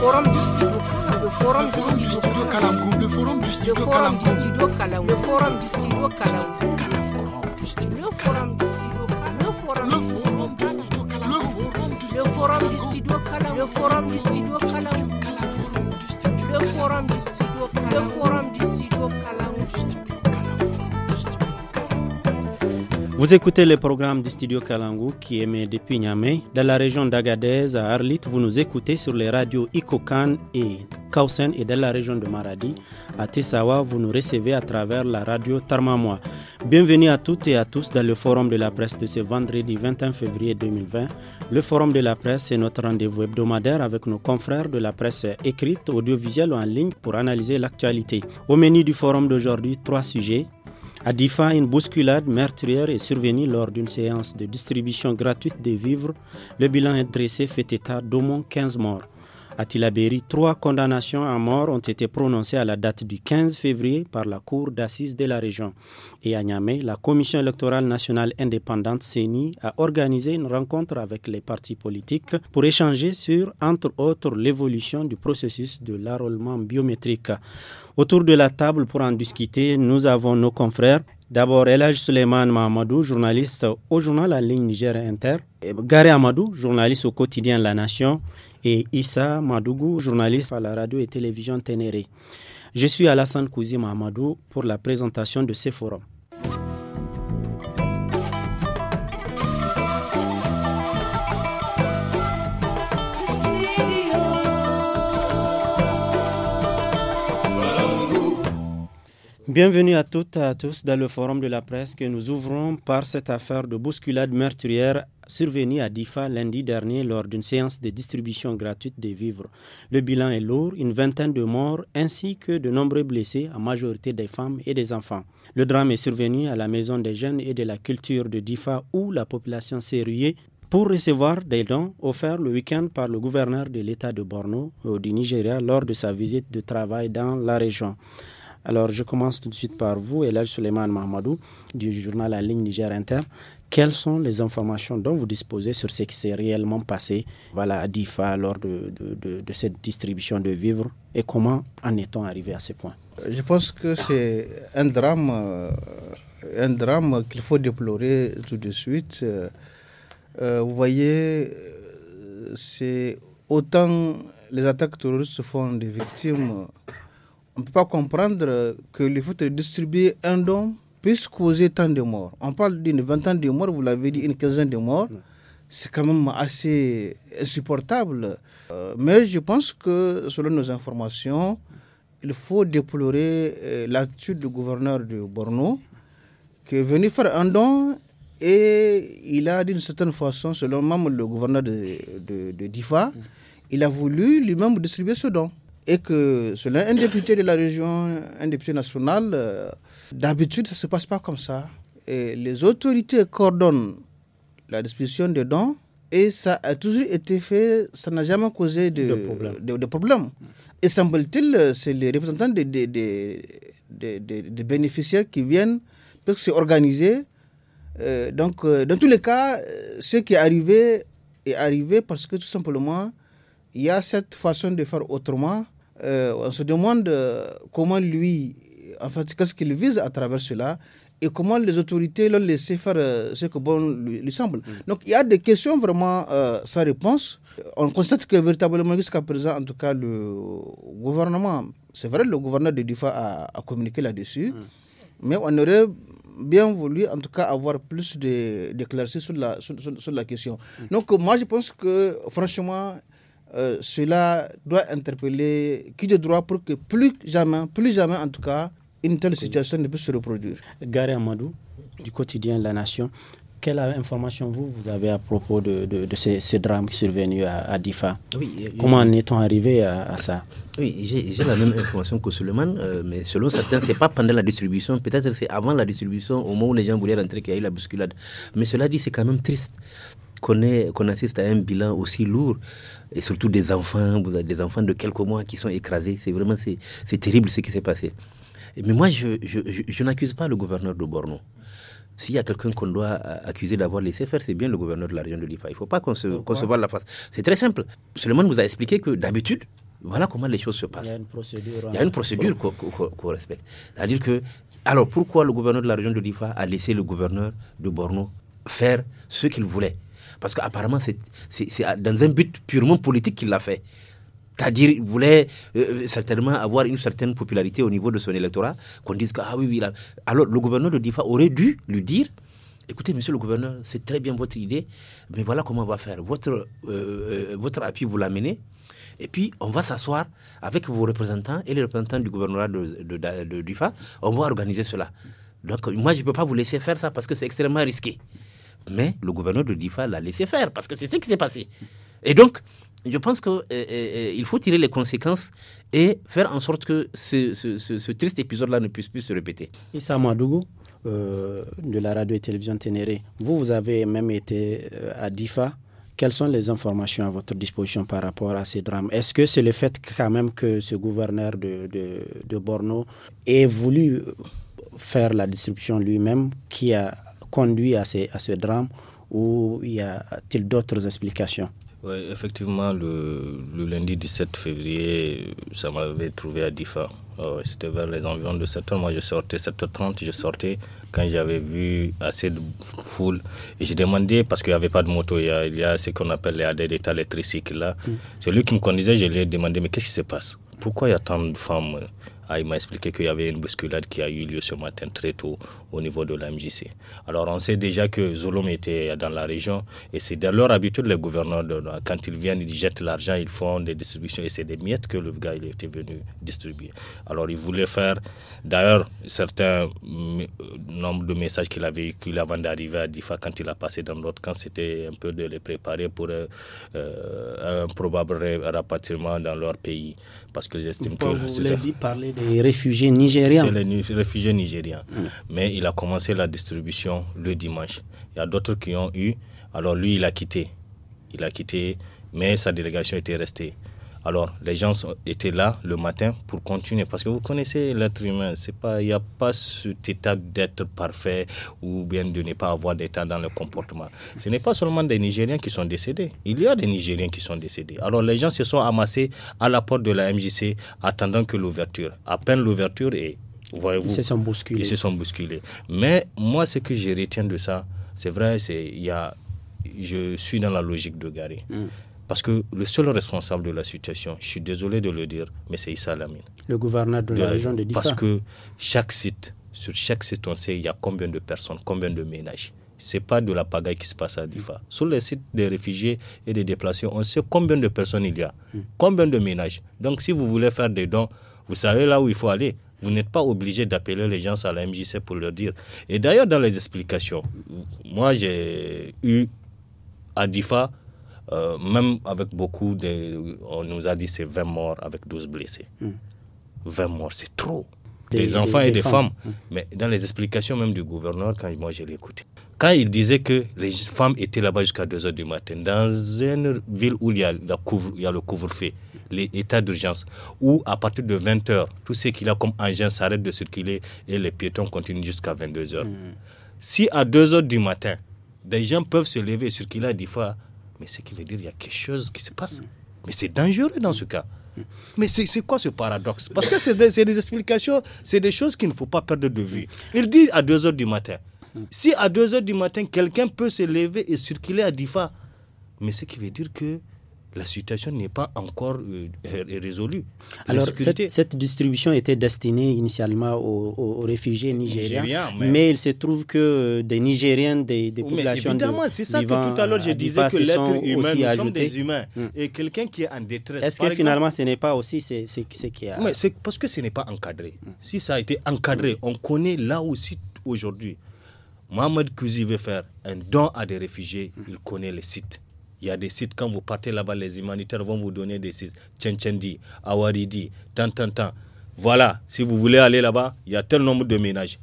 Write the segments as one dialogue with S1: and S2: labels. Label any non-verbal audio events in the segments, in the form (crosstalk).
S1: forum du studio le forum du studio le forum du studio calam, le forum du studio Kalamgou le forum du studio le forum du studio le forum du studio le forum du studio le forum du studio le forum du studio le forum
S2: Vous écoutez le programme du studio Kalangu qui émet depuis Niamey. Dans la région d'Agadez, à Arlit, vous nous écoutez sur les radios Ikokan et Kausen et dans la région de Maradi. À Tessawa, vous nous recevez à travers la radio Tarmamoa. Bienvenue à toutes et à tous dans le Forum de la presse de ce vendredi 21 février 2020. Le Forum de la presse est notre rendez-vous hebdomadaire avec nos confrères de la presse écrite, audiovisuelle ou en ligne pour analyser l'actualité. Au menu du Forum d'aujourd'hui, trois sujets à Difa, une bousculade meurtrière est survenue lors d'une séance de distribution gratuite des vivres. Le bilan est dressé fait état d'au moins 15 morts. À Tilaberi, trois condamnations à mort ont été prononcées à la date du 15 février par la Cour d'assises de la région. Et à Niamey, la Commission électorale nationale indépendante CENI a organisé une rencontre avec les partis politiques pour échanger sur, entre autres, l'évolution du processus de l'enrôlement biométrique. Autour de la table pour en discuter, nous avons nos confrères D'abord, Elage Suleiman Mahamadou, journaliste au journal La Ligne Niger Inter. Garé Amadou, journaliste au quotidien La Nation et Issa Madougou, journaliste à la radio et télévision Ténéré. Je suis Alassane Kouzi Mahamadou pour la présentation de ce forum. Bienvenue à toutes et à tous dans le forum de la presse que nous ouvrons par cette affaire de bousculade meurtrière survenu à DIFA lundi dernier lors d'une séance de distribution gratuite des vivres. Le bilan est lourd, une vingtaine de morts ainsi que de nombreux blessés, en majorité des femmes et des enfants. Le drame est survenu à la Maison des Jeunes et de la Culture de DIFA où la population s'est ruée pour recevoir des dons offerts le week-end par le gouverneur de l'État de Borno au euh, du Nigeria lors de sa visite de travail dans la région. Alors, je commence tout de suite par vous, Elal Suleiman Mahamadou, du journal La Ligne Niger Inter quelles sont les informations dont vous disposez sur ce qui s'est réellement passé à DIFA lors de, cette distribution de vivres et comment en est-on arrivé à ce point
S3: Je pense que c'est un drame, euh, un drame qu'il faut déplorer tout de suite. Euh, euh, vous voyez, c'est autant les attaques terroristes font des victimes, on ne peut pas comprendre que les distribuer un don puisse causer tant de morts. On parle d'une vingtaine de morts, vous l'avez dit, une quinzaine de morts. C'est quand même assez insupportable. Euh, mais je pense que, selon nos informations, il faut déplorer euh, l'attitude du gouverneur de Borno, qui est venu faire un don et il a, d'une certaine façon, selon même le gouverneur de, de Difa, il a voulu lui-même distribuer ce don et que selon un député de la région, un député national, euh, d'habitude, ça ne se passe pas comme ça. Et les autorités coordonnent la disposition des dons et ça a toujours été fait, ça n'a jamais causé de, de problème. Et semble-t-il, euh, c'est les représentants des des bénéficiaires qui viennent parce que c'est organisé. Euh, donc, dans tous les cas, ce qui est arrivé est arrivé parce que tout simplement, il y a cette façon de faire autrement euh, on se demande euh, comment lui, en fait, qu'est-ce qu'il vise à travers cela et comment les autorités l'ont laissé faire euh, ce que bon lui, semble. Mm. Donc il y a des questions vraiment sa sans réponse. On constate que véritablement jusqu'à présent, en tout cas, le gouvernement, c'est vrai, le gouverneur de Dufa a, communiqué là-dessus, mm. mais on aurait bien voulu en tout cas avoir plus de clarté sur la, sur, la question. Mm. Donc moi je pense que franchement, euh, cela doit interpeller qui de droit pour que plus jamais, plus jamais en tout cas, une telle situation ne puisse se reproduire. Gary Amadou, du quotidien La Nation, quelle
S2: information vous, vous avez à propos de, de, ces, ces, drames survenus à, à Difa euh, Comment euh, en est-on arrivé à,
S1: ça Oui, j'ai la même information que Suleiman, mais selon certains, ce n'est pas pendant la distribution, peut-être c'est avant la distribution, au moment où les gens voulaient rentrer, qu'il y a eu la bousculade. Mais cela dit, c'est quand même triste qu'on assiste à un bilan aussi lourd, et surtout des enfants, vous avez des enfants de quelques mois qui sont écrasés. C'est vraiment c'est terrible ce qui s'est passé. Mais moi, je, n'accuse pas le gouverneur de Borno. S'il y a quelqu'un qu'on doit accuser d'avoir laissé faire, c'est bien le gouverneur de la région de l'IFA. Il ne faut pas qu'on se, qu la face. C'est très simple. Seulement, nous a expliqué que d'habitude, voilà comment les choses se passent. Il
S2: y a une procédure.
S1: qu'on respecte. C'est-à-dire que, alors pourquoi le gouverneur de la région de l'IFA a laissé le gouverneur de Borno faire ce qu'il voulait parce qu'apparemment, c'est ah, dans un but purement politique qu'il l'a fait. C'est-à-dire, il voulait euh, euh, certainement avoir une certaine popularité au niveau de son électorat, qu'on dise que, ah oui, oui, alors le gouverneur de Difa aurait dû lui dire, écoutez, monsieur le gouverneur, c'est très bien votre idée, mais voilà comment on va faire. Votre, euh, votre appui, vous l'amenez, et puis on va s'asseoir avec vos représentants et les représentants du gouvernement de, de DIFA, on va organiser cela. Donc moi, je ne peux pas vous laisser faire ça parce que c'est extrêmement risqué. Mais le gouverneur de Difa l'a laissé faire parce que c'est ce qui s'est passé. Et donc, je pense qu'il euh, euh, euh, faut tirer les conséquences et faire en sorte que ce, triste épisode-là ne puisse plus se répéter.
S2: Issa Madougou, de la radio et télévision Ténéré, vous, vous avez même été à Difa. Quelles sont les informations à votre disposition par rapport à ces drames Est-ce que c'est le fait quand même que ce gouverneur de, Borno ait voulu faire la distribution lui-même qui a conduit à, à ce drame ou y a-t-il d'autres explications
S4: effectivement, le, lundi 17 février, ça m'avait trouvé à Difa. Ah c'était vers les environs de 7h. Moi, je sortais 7h30, je sortais quand j'avais vu assez de foule. Et j'ai demandé, parce qu'il n'y avait pas de moto, il y a, ce qu'on appelle les adhérents d'État, les là. Mm. Celui qui me connaissait, je lui ai demandé, mais qu'est-ce qui se passe Pourquoi il y a tant de femmes ah, il m'a expliqué qu'il y avait une bousculade qui a eu lieu ce matin très tôt au niveau de la MJC. Alors on sait déjà que Zulum était dans la région et c'est dans leur habitude, les gouverneurs, de, quand ils viennent, ils jettent l'argent, ils font des distributions et c'est des miettes que le gars il était venu distribuer. Alors il voulait faire, d'ailleurs, certains mm, euh, nombre de messages qu'il a véhiculés avant d'arriver à Difa quand il a passé dans l'autre camp, c'était un peu de les préparer pour euh, euh, un probable rapatriement dans leur pays. Parce que j'estime que. Vous dit,
S2: parler des réfugiés nigériens
S4: C'est les réfugiés nigériens. Mmh. Mais il a commencé la distribution le dimanche. Il y a d'autres qui ont eu. Alors lui, il a quitté. Il a quitté, mais sa délégation était restée. Alors les gens étaient là le matin pour continuer. Parce que vous connaissez l'être humain. Il n'y a pas cet état d'être parfait ou bien de ne pas avoir d'état dans le comportement. Ce n'est pas seulement des Nigériens qui sont décédés. Il y a des Nigériens qui sont décédés. Alors les gens se sont amassés à la porte de la MJC attendant que l'ouverture. À peine l'ouverture est ils se sont bousculés. Mais moi, ce que je retiens de ça, c'est vrai, c'est y a, je suis dans la logique de Gary. Hmm. Parce que le seul responsable de la situation, je suis désolé de le dire, mais c'est Issa Lamine.
S2: Le gouverneur de, la région de Difa. Parce que
S4: chaque site, sur chaque site, on sait il y a combien de personnes, combien de ménages. Ce n'est pas de la pagaille qui se passe à hmm. Difa. Sur les sites des réfugiés et des déplacés, on sait combien de personnes il y a, hmm. combien de ménages. Donc si vous voulez faire des dons, vous savez là où il faut aller. Vous n'êtes pas obligé d'appeler les gens à la MJC pour leur dire. Et d'ailleurs, dans les explications, moi j'ai eu à DIFA, euh, même avec beaucoup de. On nous a dit c'est 20 morts avec 12 blessés. 20 hmm. morts, c'est trop.
S3: Des, enfants et des, femmes. Hmm. Mais
S4: dans les explications même du gouverneur, quand moi j'ai l'ai écouté, quand il disait que les femmes étaient là-bas jusqu'à 2 h du matin, dans une ville où il y a, la couvre, il y a le couvre-feu, les états d'urgence, où à partir de 20h, tout ce qu'il a comme engin s'arrête de circuler et les piétons continuent jusqu'à 22h. Hmm. Si à 2h du matin, des gens peuvent se lever et circuler à 10 fois, mais ce qui veut dire qu'il y a quelque chose qui se passe. Hmm. Mais c'est dangereux dans ce hmm. cas. Mais c'est quoi ce paradoxe Parce que c'est des, explications, c'est des choses qu'il ne faut pas perdre de vue. Il dit à 2h du matin. Si à 2h du matin, quelqu'un peut se lever et circuler à Difa, mais ce qui veut dire que la situation n'est pas encore
S2: euh, résolue. Alors, cette, distribution était destinée initialement aux, réfugiés nigériens, mais... il se trouve que euh, des Nigériens, des, populations. Mais évidemment, c'est ça que tout à l'heure je disais que l'être humain, nous sommes des humains. Mm.
S4: Et quelqu'un qui est en détresse. Est-ce que finalement
S2: ce n'est pas aussi ce qui a. c'est parce que ce n'est pas encadré. Mm. Si ça a été
S4: encadré, on connaît là aussi aujourd'hui. Mohamed Kouzi veut faire un don à des réfugiés, mm. il connaît les sites il y a des sites, quand vous partez là-bas, les humanitaires vont vous donner des sites. Tchenchendi, Awaridi, tant, tant, tant. Voilà, si vous voulez aller là-bas, il y a tel nombre de ménages.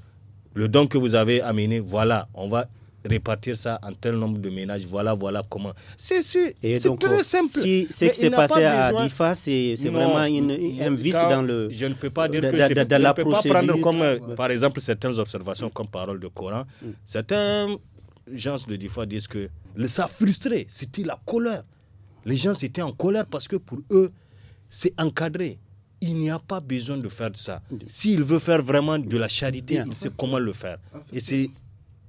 S4: Le don que vous avez amené, voilà, on va répartir ça en tel nombre de ménages. Voilà, voilà comment.
S3: C'est très oh, simple. ce qui s'est passé à
S4: Difa, c'est vraiment un vice dans le. Je ne peux pas dire que c'est. je ne peux pas prendre comme, euh, par exemple, certaines observations comme parole de Coran. Mm. Certains les gens de Difa disent que ça frustré, c'était la colère. Les gens étaient en colère parce que pour eux, c'est encadré. Il n'y a pas besoin de faire ça. S'il veut faire vraiment de la charité, il sait comment le faire. Et c'est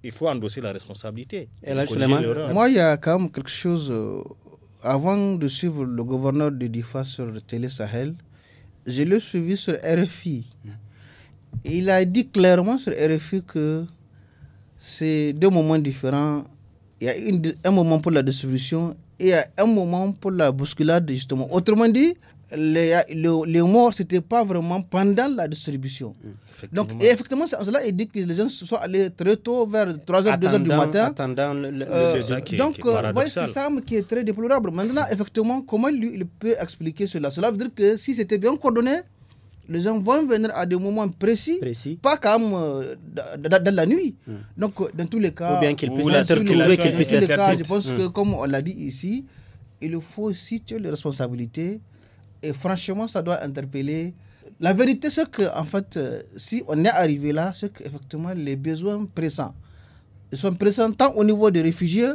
S4: il faut endosser la responsabilité. Moi, il
S3: y a quand même quelque chose. Euh, avant de suivre le gouverneur de DIFA sur Télé Sahel, je l'ai suivi sur RFI. Il a dit clairement sur RFI que c'est deux moments différents. Il y a un moment pour la distribution et il y a un moment pour la bousculade, justement. Autrement dit, les, les morts, ce n'était pas vraiment pendant la distribution. Mmh, donc, effectivement, cela dit que les gens sont allés très tôt, vers 3h, 2h du matin.
S2: Attendant le, le donc, euh, c'est ça
S3: euh, qui est très déplorable. Maintenant, effectivement, comment il peut expliquer cela Cela veut dire que si c'était bien coordonné, les gens vont venir à des moments précis, pas comme euh, dans la nuit. Hmm. Donc, euh, dans tous les cas, Ou bien qu'ils puissent être je pense hmm. que, comme on l'a dit ici, il faut situer les responsabilités. Et franchement, ça doit interpeller. La vérité, c'est que, en fait, euh, si on est arrivé là, c'est qu'effectivement, les besoins présents. Ils sont présents tant au niveau des réfugiés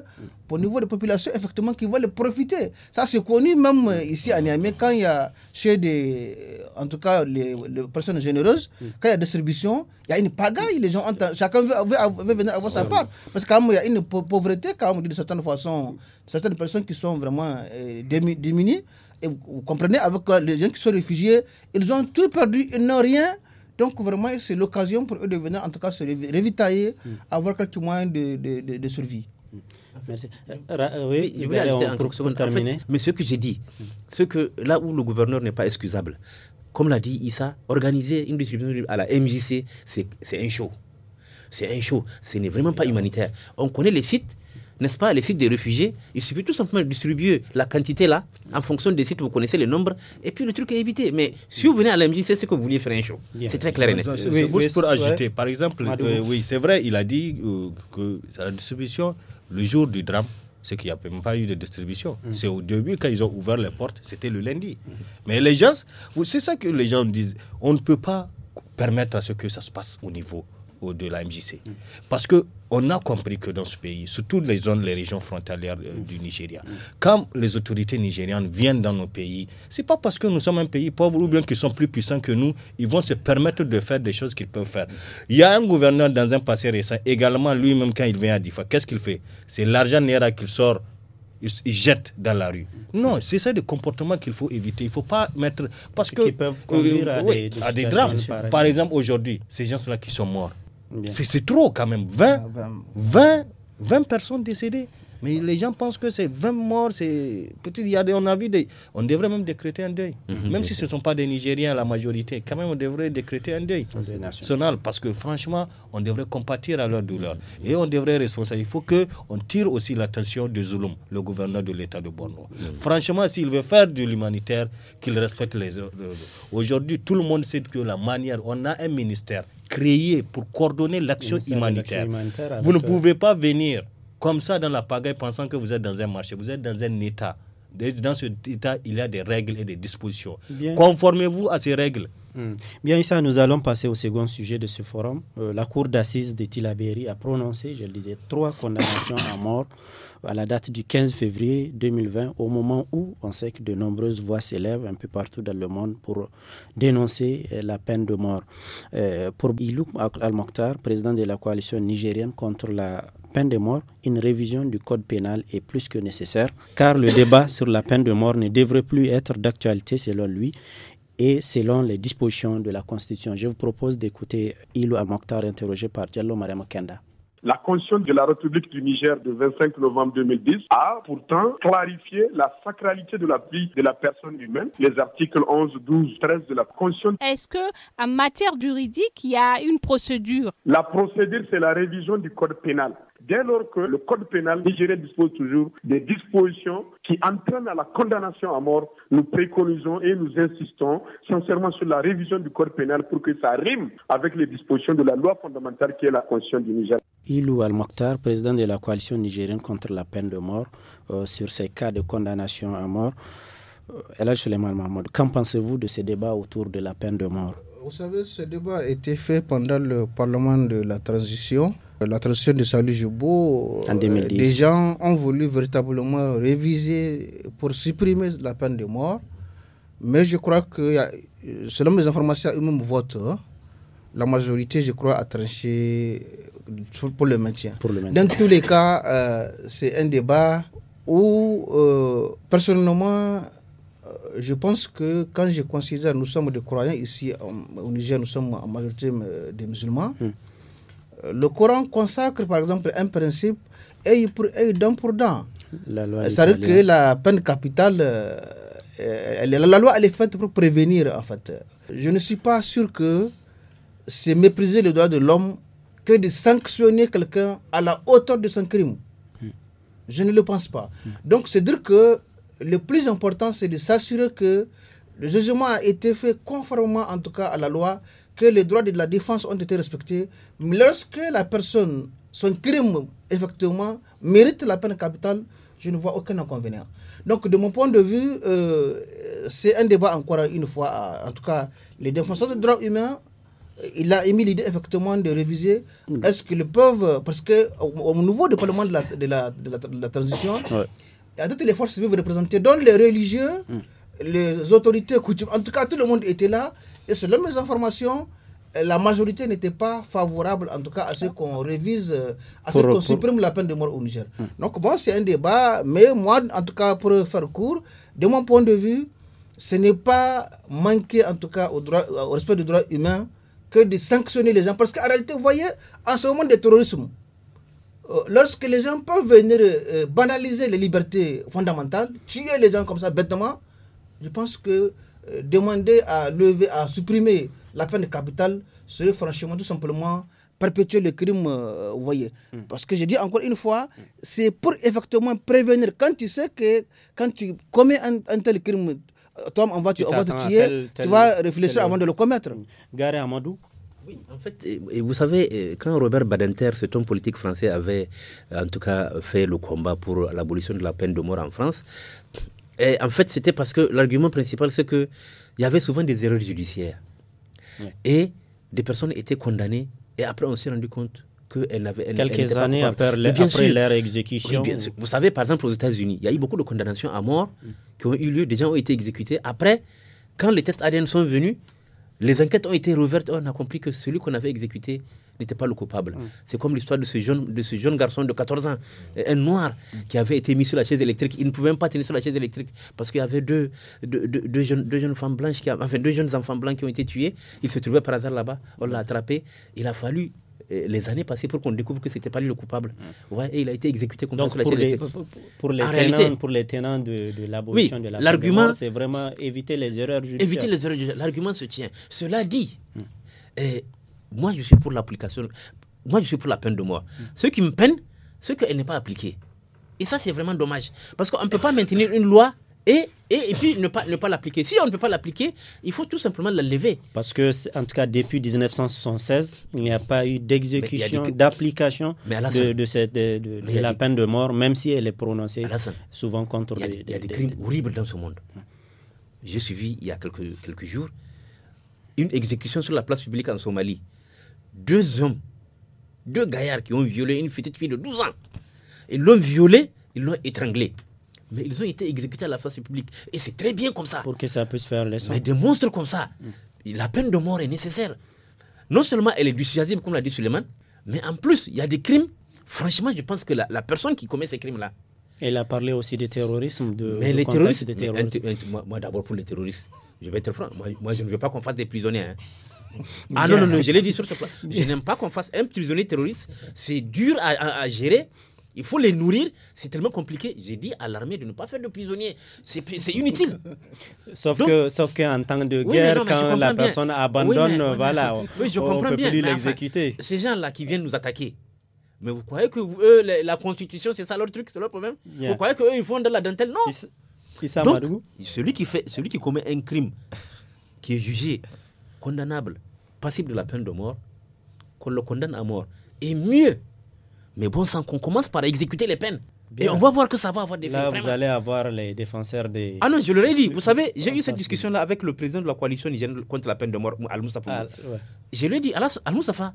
S3: au niveau des populations, effectivement, qui veulent profiter. Ça, c'est connu même euh, ici à Niamey, quand il y a chez des, euh, en tout cas, les, personnes généreuses, mm. quand il y a distribution, il y a une pagaille, les gens chacun veut, venir avoir sa part. Parce qu'il il y a une pauvreté, quand dit de certaines façons, certaines personnes qui sont vraiment euh, diminuées. démunies. Et vous, vous comprenez, avec les gens qui sont réfugiés, ils ont tout perdu, ils n'ont rien. Donc vraiment, c'est l'occasion pour eux de venir, en tout cas, se révitailler, mm. avoir quelques moyens de, survie. Mm.
S2: Merci. Euh, euh, oui,
S1: mais ce que j'ai dit, mm. ce que là où le gouverneur n'est pas excusable, comme l'a dit Issa, organiser une distribution à la MJC, c'est un show. C'est un show. Ce n'est vraiment pas humanitaire. On connaît les sites, n'est-ce pas, les sites des réfugiés, il suffit tout simplement de distribuer la quantité là, en fonction des sites, vous connaissez les nombres, et puis le truc est évité. Mais si vous venez à l'AMJ, c'est ce que vous vouliez faire un show. C'est très clair et net. Oui, pour ajouter, par exemple, euh,
S4: oui, c'est vrai, il a dit euh, que la distribution, le jour du drame, c'est qu'il n'y a même pas eu de distribution. Mm. C'est au début, quand ils ont ouvert les portes, c'était le lundi. Mais les gens, c'est ça que les gens disent, on ne peut pas permettre à ce que ça se passe au niveau de la MJC. Mm. Parce que on a compris que dans ce pays, surtout les zones, les régions frontalières euh, du Nigeria, quand les autorités nigériennes viennent dans nos pays, c'est pas parce que nous sommes un pays pauvre ou bien qu'ils sont plus puissants que nous, ils vont se permettre de faire des choses qu'ils peuvent faire. Il y a un gouverneur dans un passé récent, également lui-même quand il vient à Difa, qu'est-ce qu'il fait C'est l'argent Nera qu'il sort il jette dans la rue. Non, c'est ça le comportement qu'il faut éviter. Il ne faut pas mettre. Parce que. peuvent courir à, euh, à des drames. Par exemple, aujourd'hui, ces gens-là qui sont morts, c'est trop quand même. 20, 20, 20 personnes décédées. Mais les gens pensent que c'est 20 morts, c'est. y a on a vu On devrait même décréter un deuil. Mhm. Même si ce ne sont pas des Nigériens, la majorité, quand même, on devrait décréter un deuil national. Parce que franchement, on devrait compatir à leur douleur. Et on devrait responsable. Il faut qu'on tire aussi l'attention de Zulum, le gouverneur de l'État de Borno. Mhm. Franchement, s'il veut faire de l'humanitaire, qu'il respecte les. Euh, euh, aujourd'hui, tout le monde sait que la manière. On a un ministère Créer pour coordonner l'action humanitaire. humanitaire vous ne euh, pouvez pas venir comme ça dans la pagaille pensant que vous êtes dans un marché, vous êtes dans un État. Dans cet État, il y a des règles et des
S2: dispositions. Conformez-vous à ces règles. Hmm. Bien, Issa, nous allons passer au second sujet de ce forum. Euh, la cour d'assises de Tilaberi a prononcé, je le disais, trois condamnations à mort à la date du 15 février 2020, au moment où on sait que de nombreuses voix s'élèvent un peu partout dans le monde pour dénoncer euh, la peine de mort. Euh, pour Bilou Al-Mokhtar, président de la coalition nigérienne contre la peine de mort, une révision du code pénal est plus que nécessaire, car le débat sur la peine de mort ne devrait plus être d'actualité selon lui et selon les dispositions de la Constitution. Je vous propose d'écouter Ilo al interrogé par Diallo Mariam Kenda.
S1: La Constitution de la République du Niger de 25 novembre 2010 a pourtant clarifié la sacralité de la vie de la personne humaine, les articles 11, 12, 13 de la Constitution.
S3: Est-ce que en matière juridique, il y a une procédure
S1: La procédure, c'est la révision du code pénal dès lors que le code pénal nigérien dispose toujours des dispositions qui entraînent à la condamnation à mort, nous préconisons et nous insistons sincèrement sur la révision du code pénal pour que ça rime avec les dispositions de la loi fondamentale qui est la Constitution du Niger.
S2: Ilou Al-Mokhtar, président de la coalition nigérienne contre la peine de mort, euh, sur ces cas de condamnation à mort. Euh, Elle Suleiman Mahmoud, qu'en pensez-vous de ces débats autour de la peine de mort
S3: Vous savez, ce débat a été fait pendant le Parlement de la transition. Euh, la transition de Salut Joubo, en euh, gens ont voulu véritablement réviser pour supprimer la peine de mort. Mais je crois que, euh, selon mes informations, eux-mêmes vote hein. La majorité, je crois, a tranché pour le maintien. Dans tous les cas, c'est un débat où, personnellement, je pense que quand je considère, nous sommes des croyants ici au Niger, nous sommes en majorité des musulmans. Hmm le Coran consacre par exemple un principe œil pour œil, dent pour dent. C'est-à-dire que la peine capitale, euh, la, loi elle est faite pour prévenir en fait. Je ne suis pas sûr que c'est mépriser le droit de l'homme que de sanctionner quelqu'un à la hauteur de son crime. Hmm. Je ne le pense pas. Hmm. Donc c'est dire que le plus important c'est de s'assurer que le jugement a été fait conformément en tout cas à la loi que les droits de la défense ont été respectés, lorsque la personne, son crime, effectivement, mérite la peine capitale, je ne vois aucun inconvénient. Donc, de mon point de vue, euh, c'est un débat encore une fois. En tout cas, les défenseurs des droits humains, il a émis l'idée effectivement de réviser. Mm. Est-ce qu'ils peuvent, parce que au, nouveau niveau de la, de la, transition, il y a toutes les forces civiles représentées, dont les religieux, mm. les autorités en tout cas, tout le monde était là. Et selon mes informations, euh, la majorité n'était pas favorable, en tout cas, à ce qu'on révise, euh, à ce qu'on supprime la peine de mort au Niger. Hmm. Donc, bon, c'est un débat, mais moi, en tout cas, pour faire court, de mon point de vue, ce n'est pas manquer, en tout cas, au, respect des droits humains que de sanctionner les gens. Parce qu'en réalité, vous voyez, en ce moment de terrorisme, euh, lorsque les gens peuvent venir banaliser les libertés fondamentales, tuer les gens comme ça bêtement, je pense que demander à lever, à supprimer la peine capitale serait franchement tout simplement perpétuer le crime, euh, vous voyez. Hmm. Parce que je dis encore une fois, c'est pour effectivement prévenir. Quand tu sais que quand tu commets un, tel crime, euh, tu, tu vas réfléchir avant de le commettre. Hmm.
S2: Garé Amadou oui, en fait,
S1: et vous savez, euh, quand Robert Badinter, ce homme politique français, avait en tout cas fait le combat pour l'abolition de la peine de mort en France, en fait, c'était parce que l'argument principal, c'est qu'il y avait souvent des erreurs judiciaires. Et des personnes étaient condamnées. Et après, on s'est rendu compte qu'elles n'avaient Quelques années après, leur exécution. Vous savez, par exemple, aux États-Unis, il y a eu beaucoup de condamnations à mort mm. qui ont eu lieu. Des gens ont été exécutés. Après, quand les tests ADN sont venus, les enquêtes ont été rouvertes. On a compris que celui qu'on avait exécuté n'était pas le coupable. Mm. C'est comme l'histoire de, ce jeune, de ce jeune garçon de 14 ans, euh, un noir, mm. qui avait été mis sur la chaise électrique. Il ne pouvait même pas tenir sur la chaise électrique parce qu'il y avait deux, deux, deux, jeunes, deux jeunes femmes blanches, qui, enfin deux jeunes enfants blancs qui ont été tués. Il se trouvait par hasard là-bas. On l'a attrapé. Il a fallu euh, les années passées pour qu'on découvre que c'était pas lui le coupable. Mm. Ouais, et il a été exécuté comme pour la les, pour,
S2: les tenants, réalité, de, l'abolition de la l'argument, c'est vraiment éviter
S1: les erreurs judiciaires. Éviter les erreurs judiciaires. L'argument se tient. Cela dit, euh, moi, je suis pour l'application. Moi, je suis pour la peine de mort. Ce mm. Ceux qui me peine, c'est qu'elle n'est pas appliquée. Et ça, c'est vraiment dommage. Parce qu'on ne peut pas maintenir une loi et, et, puis ne pas, ne pas l'appliquer. Si on ne peut pas
S2: l'appliquer, il faut tout simplement la lever. Parce que, en tout cas, depuis 1976, il n'y a pas eu d'exécution, d'application de, la peine de mort, même si elle est prononcée souvent contre Il y a, des, des, crimes
S1: horribles dans ce monde. J'ai suivi il y a quelques, quelques jours une exécution sur la place publique en Somalie deux hommes, deux gaillards qui ont violé une petite fille de 12 ans. Ils l'ont violée, ils l'ont étranglée. Mais ils ont été exécutés à la face publique. Et c'est très bien comme ça. Pour que ça puisse faire Mais des monstres comme ça, la peine de mort est nécessaire. Non seulement elle est du dissuasive, comme l'a dit Suleiman, mais en plus, il y a des crimes. Franchement, je pense que la, personne qui commet ces
S2: crimes-là, elle a parlé aussi de terrorisme. De, mais les terroristes, moi, d'abord pour les
S1: terroristes, je vais être franc, moi, je ne veux pas qu'on fasse des prisonniers. Hein. (laughs) Ah non, non, non, je l'ai dit sur ce Je n'aime pas qu'on fasse un prisonnier terroriste. C'est dur à, gérer. Il faut les nourrir, c'est tellement compliqué. J'ai dit à l'armée de ne pas faire de prisonniers. C'est inutile. Sauf
S2: sauf qu'en temps de guerre, quand la personne abandonne, voilà, (laughs) on ne peut plus l'exécuter. ces gens-là qui viennent nous attaquer, mais vous
S1: croyez que la Constitution, c'est ça leur truc, c'est leur problème Vous croyez qu'eux, ils font de la dentelle Non. celui qui fait, celui qui commet un crime, qui est jugé, condamnable, passible de la peine de mort, qu'on le condamne à mort. Et mieux, mais bon sans qu'on commence par exécuter les peines. Et on va voir que ça va avoir des Là, vous allez
S2: avoir les défenseurs des. Ah non, je
S1: ai dit. Vous savez, j'ai eu cette discussion-là avec le président de la coalition contre la peine de mort, al mustafa ah, Je lui ai dit, al mustafa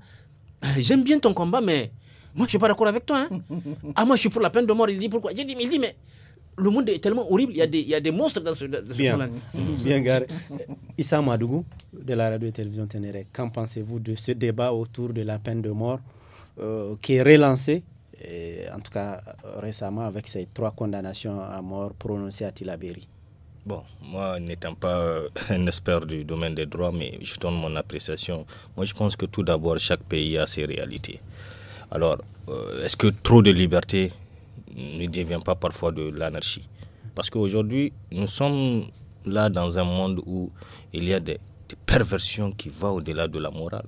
S1: j'aime bien ton combat, mais moi, je ne suis pas d'accord avec toi. Hein. (laughs) ah, moi, je suis pour la peine de mort. Il dit pourquoi J'ai dit, mais, il dit, mais le monde est tellement horrible, il y a des, monstres dans ce, monde bien,
S2: Bien garé. Issa Madougou, de la radio et télévision Ténéré, qu'en pensez-vous de ce débat autour de la peine de mort euh, qui est relancé, en tout cas récemment, avec ces trois condamnations à mort prononcées à Tilaberi Bon, moi, n'étant pas
S4: euh, un expert du domaine des droits, mais je donne mon appréciation. Moi, je pense que tout d'abord, chaque pays a ses réalités. Alors, euh, est-ce que trop de liberté ne devient pas parfois de l'anarchie. Parce qu'aujourd'hui, nous sommes là dans un monde où il y a des, perversions qui vont au-delà de la morale.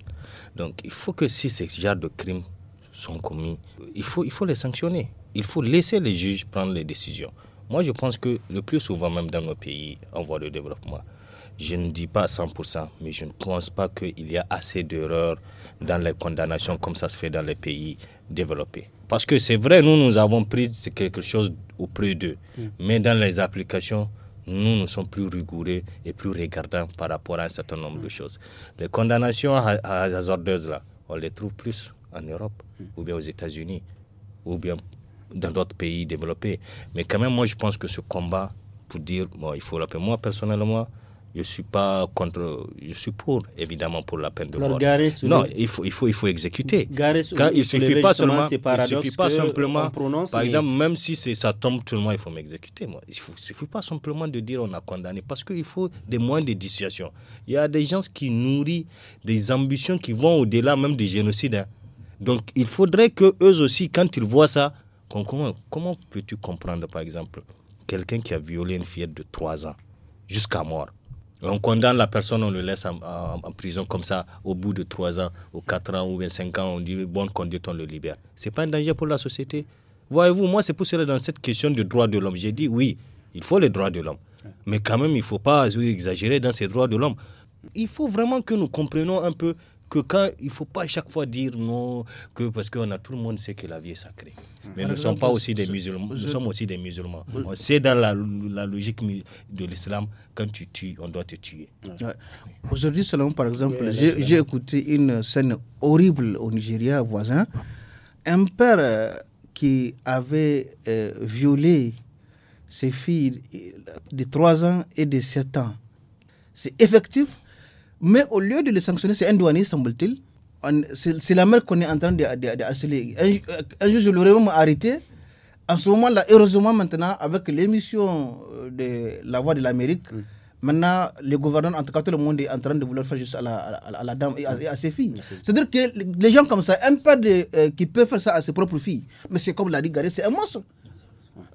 S4: Donc il faut que si ces genres de crimes sont commis, il faut, il faut les sanctionner. Il faut laisser les juges prendre les décisions. Moi, je pense que le plus souvent, même dans nos pays en voie de développement, je ne dis pas 100%, mais je ne pense pas qu'il y a assez d'erreurs dans les condamnations comme ça se fait dans les pays développés. Parce que c'est vrai, nous, nous avons pris quelque chose auprès d'eux. Mm. Mais dans les applications, nous, nous sommes plus rigoureux et plus regardants par rapport à un certain nombre de mm. choses. Les condamnations à hasardeuses, là, on les trouve plus en Europe, mm. ou bien aux États-Unis, ou bien dans d'autres pays développés. Mais quand même, moi, je pense que ce combat, pour dire, bon, il faut l'appeler moi, personnellement, je suis pas contre, je suis pour, évidemment, pour la peine de mort. Non, il faut, il faut, il faut exécuter. il suffit pas seulement, il suffit pas simplement, par exemple, même si ça tombe tout le il faut m'exécuter, Il faut, suffit pas simplement de dire on a condamné, parce qu'il faut des moyens de dissuasion. Il y a des gens qui nourrissent des ambitions qui vont au-delà même du génocide. Hein. Donc, il faudrait que eux aussi, quand ils voient ça, comment, comment peux-tu comprendre, par exemple, quelqu'un qui a violé une fillette de 3 ans jusqu'à mort on condamne la personne, on le laisse en, prison comme ça au bout de 3 ans, ou 4 ans, ou 25 ans, on dit bonne conduite, on le libère. Ce n'est pas un danger pour la société. Voyez-vous, moi, c'est pour cela dans cette question du droit de l'homme. J'ai dit oui, il faut les droits de l'homme. Mais quand même, il ne faut pas exagérer dans ces droits de l'homme. Il faut vraiment que nous comprenions un peu que quand il ne faut pas à chaque fois dire non, que parce qu'on a tout le monde sait que la vie est sacrée. Mm-hmm. Mais nous ne sommes pas aussi des musulmans. Nous sommes aussi des musulmans. C'est dans la, logique de l'islam, quand tu tues, on
S3: doit te tuer. Aujourd'hui, selon par exemple, j'ai écouté une scène horrible au Nigeria voisin. Un père euh, qui avait euh, violé ses filles de 3 ans et de 7 ans. C'est effectif, mais au lieu de les sanctionner, c'est un douanier, semble-t-il, c'est la mère qu'on est en train de, Un, jour, je l'aurais même arrêté. En ce moment-là, heureusement, maintenant, avec l'émission euh, de La Voix de l'Amérique, maintenant, les gouvernants, en tout cas, tout le monde est en train de vouloir faire juste à la, à, la dame et à, ses filles. C'est-à-dire que les gens comme ça, un pas de, euh, qui peut faire ça à ses propres filles, mais c'est comme l'a dit Gareth, c'est un monstre.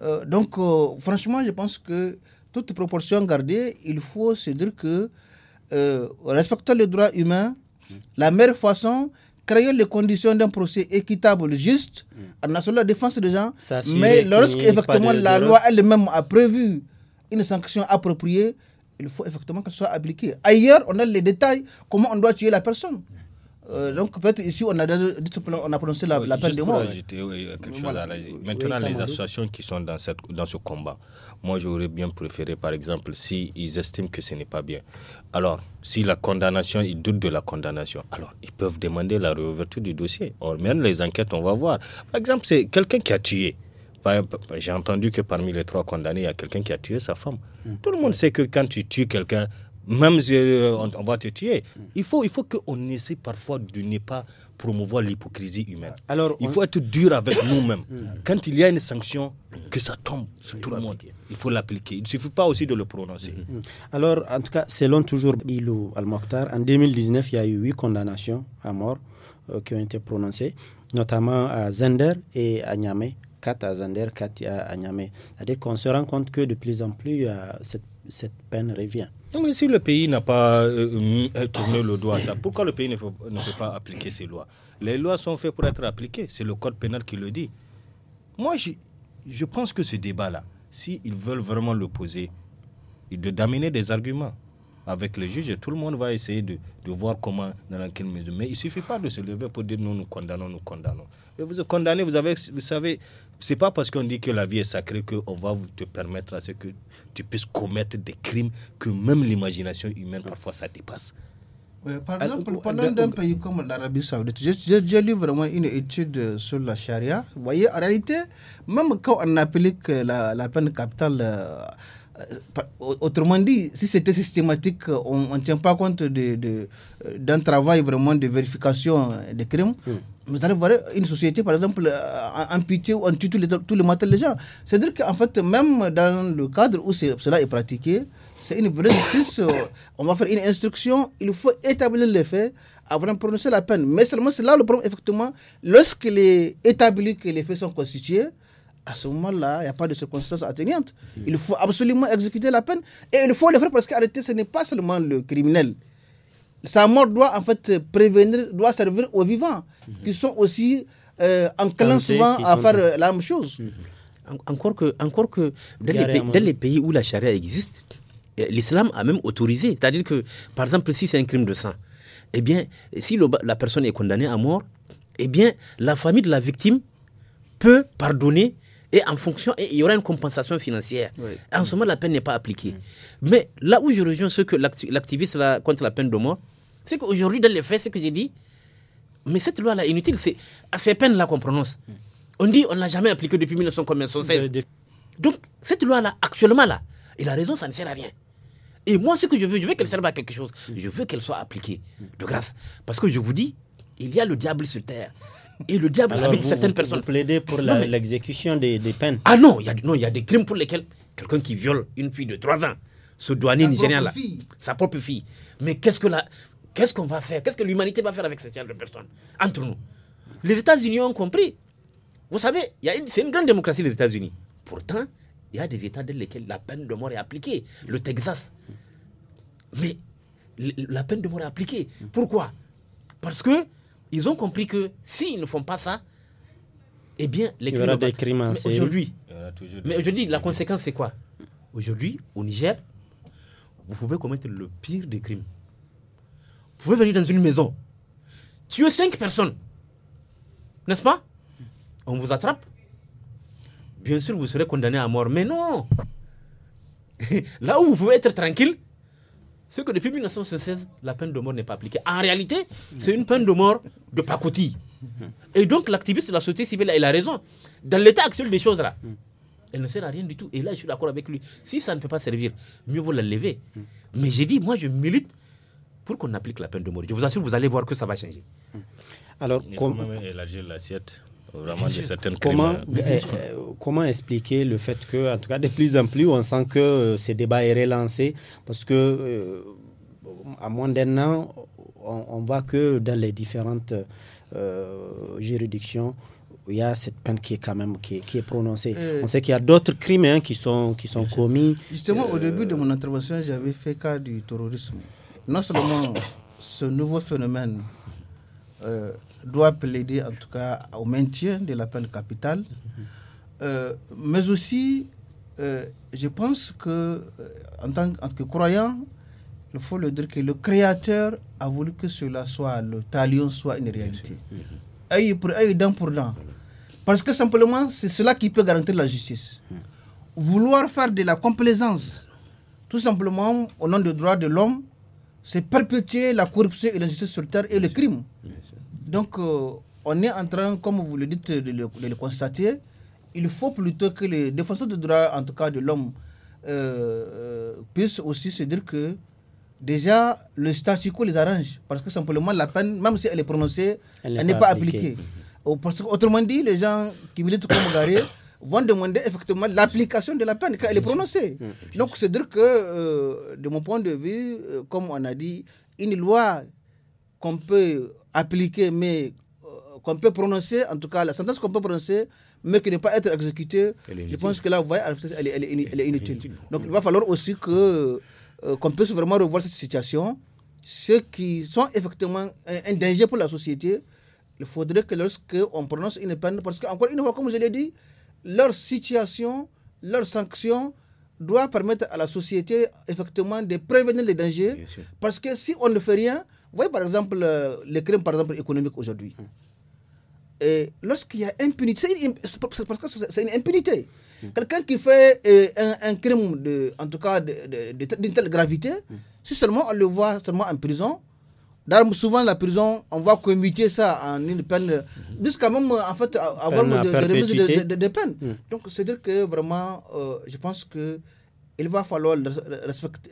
S3: Euh, donc, franchement, je pense que toute proportion gardée, il faut se dire que, respectant les droits humains, la meilleure façon, créer les conditions d'un procès équitable, juste, mm. en assurant la défense des gens. Mais lorsque effectivement la loi elle-même a prévu une sanction appropriée, il faut effectivement qu'elle soit appliquée. Ailleurs, on a les détails, comment on doit tuer la personne. Euh, donc peut-être ici, on a, on a prononcé la, peine de mort.
S4: quelque chose à Maintenant, les associations qui sont dans, cette, dans ce combat, moi j'aurais bien préféré, par exemple, s'ils ils estiment que ce n'est pas bien. Alors, si la condamnation, ils doutent de la condamnation, alors ils peuvent demander la réouverture du dossier. Or, même les enquêtes, on va voir. Par exemple, c'est quelqu'un qui a tué. J'ai entendu que parmi les trois condamnés, il y a quelqu'un qui a tué sa femme. Hmm. Tout le monde sait que quand tu tues quelqu'un, même si euh, on, va te tuer. Il faut, il faut qu'on essaie parfois de ne pas promouvoir l'hypocrisie humaine. Alors, il faut être dur avec (coughs) nous-mêmes. Mm. Quand il y a une sanction, que ça tombe sur tout le monde. Il faut l'appliquer. Il ne suffit pas aussi de le prononcer. Mm. Mm.
S2: Alors, en tout cas, selon toujours Bilou Al-Mokhtar, en 2019, il y a eu huit condamnations à mort euh, qui ont été prononcées, notamment à Zender et à Niamey. Quatre à Zander, quatre à, Niamey. C'est-à-dire qu'on se rend compte que de plus en plus, il cette cette peine revient.
S4: Mais si le pays n'a pas euh, euh, tourné le doigt à ça, pourquoi le pays ne peut, pas appliquer ces lois Les lois sont faites pour être appliquées, c'est le code pénal qui le dit. Moi, je, pense que ce débat-là, s'ils veulent vraiment l'opposer, ils poser, amener des arguments avec les juges, et tout le monde va essayer de, voir comment, dans quelle mesure. Mais il ne suffit pas de se lever pour dire nous, nous condamnons, nous condamnons. Et vous condamnez, vous, avez, vous savez c'est pas parce qu'on dit que la vie est sacrée qu'on va te permettre à ce que tu puisses commettre des crimes que même l'imagination humaine parfois ça dépasse.
S3: par exemple, pendant d'un pays comme l'Arabie Saoudite, j'ai lu vraiment une étude euh, sur la charia. Vous voyez, en réalité, même quand on applique euh, la peine capitale euh, euh, autrement dit, si c'était systématique, euh, on ne tient pas compte d'un de, euh, d'un travail vraiment de vérification des crimes. Hmm. Vous allez voir une société, par exemple, pitié ou on tue tous les, tous matins gens. C'est-à-dire qu'en fait, même dans le cadre où cela est pratiqué, c'est une vraie justice. on va faire une instruction, il faut établir les faits avant de prononcer la peine. Mais seulement c'est là le problème, effectivement, lorsqu'il est établi que les faits sont constitués, à ce moment-là, il n'y a pas de circonstances atteignantes. Il faut absolument exécuter la peine. Et il faut le faire parce qu'arrêter, ce n'est pas seulement le criminel. Sa mort doit en fait prévenir, doit servir aux vivants, qui sont aussi euh, enclins souvent à faire euh, la même chose. Mhm. Encore que, encore que dans les,
S1: pays, où la charia existe, euh, l'islam a même autorisé. C'est-à-dire que, par exemple, si c'est un crime de sang, eh bien, si la personne est condamnée à mort, eh bien, la famille de la victime peut pardonner et en fonction, il y aura une compensation financière. En ce moment, la peine n'est pas appliquée. Mm. Mais là où je rejoins ce que l'activiste contre la peine de mort, c'est qu'aujourd'hui, dans les faits, ce que j'ai dit, mais cette loi-là inutile, c'est à ces peines-là qu'on prononce. Mm. On dit on ne l'a jamais appliquée depuis 1916. Donc, cette loi-là, actuellement, là, il a raison, ça ne sert à rien. Et moi, ce que je veux, je veux qu'elle serve à quelque chose. Mm. Je veux qu'elle soit appliquée, de grâce. Parce que je vous dis, il y a le diable sur terre et le diable habite certaines personnes. Vous pour l'exécution des, peines Ah non, il y, a des crimes pour lesquels quelqu'un qui viole une fille de 3 ans, se douanier nigérien sa propre fille. Mais qu'est-ce que quest qu'on va faire Qu'est-ce que l'humanité va faire avec ces genre de personnes Entre nous. Les États-Unis ont compris. Vous savez, c'est une grande démocratie, les États-Unis. Pourtant, il y a des États dans lesquels la peine de mort est appliquée. Le Texas. Mais la peine de mort est appliquée. Pourquoi Parce que ils ont compris que s'ils ne font pas ça, eh bien, les crimes il y aura des crimes Aujourd'hui, mais aujourd'hui, la conséquence, c'est quoi Aujourd'hui, au Niger, vous pouvez commettre le pire des crimes. Vous pouvez venir dans une maison, tuer cinq personnes, n'est-ce pas On vous attrape. Bien sûr, vous serez condamné à mort, mais non (laughs) Là où vous pouvez être tranquille, c'est que depuis 1916, la peine de mort n'est pas appliquée. En réalité, c'est une peine de mort de pacotille. Et donc, l'activiste de la société civile, il a raison. Dans l'état actuel des choses, là, elle ne sert à rien du tout. Et là, je suis d'accord avec lui. Si ça ne peut pas servir, mieux vaut la lever. Mais j'ai dit, moi, je milite pour qu'on applique la peine de mort. Je vous assure, vous allez voir que ça va changer. Alors,
S4: comment élargir l'assiette comment, hein. eh,
S2: euh, comment expliquer le fait que, en tout cas, de plus en plus, on sent que euh, ce débat est relancé parce que, euh, à moins d'un an, on, voit que dans les différentes juridictions, il y a cette peine qui est quand même qui, est, prononcée. on sait qu'il y a d'autres crimes hein, qui sont qui sont commis.
S3: Justement, au début de mon intervention, j'avais fait cas du terrorisme. Non seulement ce nouveau phénomène doit plaider en tout cas au maintien de la peine capitale. Euh, mais aussi, euh, je pense euh, que en tant, que croyant, il faut le dire que le Créateur a voulu que cela soit, le talion soit une réalité. Aïe pour œil, dent pour dent. Parce que simplement, c'est cela qui peut garantir la justice. Hmm. Vouloir faire de la complaisance, tout simplement au nom des droits de l'homme, c'est perpétuer la corruption et la justice sur terre et le crime. Donc, euh, on est en train, comme vous le dites, de le, constater. Il faut plutôt que les défenseurs de droits, en tout cas de l'homme, euh, euh, puissent aussi se dire que déjà le statu quo les arrange. Parce que simplement, la peine, même si elle est prononcée, elle n'est pas, appliquée. Mhm. Parce autrement dit, les gens qui militent comme Garé vont demander effectivement l'application de la peine quand elle est prononcée. Mhm. Mhm. Donc, c'est dire que, de mon point de vue, comme on a dit, une loi qu'on peut appliquer mais euh, qu'on peut prononcer, en tout cas la sentence qu'on peut prononcer, mais qui ne pas être exécutée, je pense que là, vous voyez, elle, est, inutile. Donc il va falloir aussi que euh, qu'on puisse vraiment revoir cette situation. Ceux qui sont effectivement un, un danger pour la société, il faudrait que lorsqu'on prononce une peine, parce qu'encore une fois, comme je l'ai dit, leur situation, leur sanction, doit permettre à la société effectivement de prévenir les dangers. Parce que si on ne fait rien, vous voyez par exemple euh, les crimes par exemple, économiques aujourd'hui. Hmm. Et Lorsqu'il y a impunité, c'est parce que c'est une impunité. Hmm. Quelqu'un qui fait euh, un, crime, de, en tout cas d'une telle gravité, hmm. si seulement on le voit seulement en prison, souvent, la prison, on va commuter ça en une peine, jusqu'à même, euh, en fait, avoir des peines. peine. Donc, c'est-à-dire que vraiment, je pense que il va falloir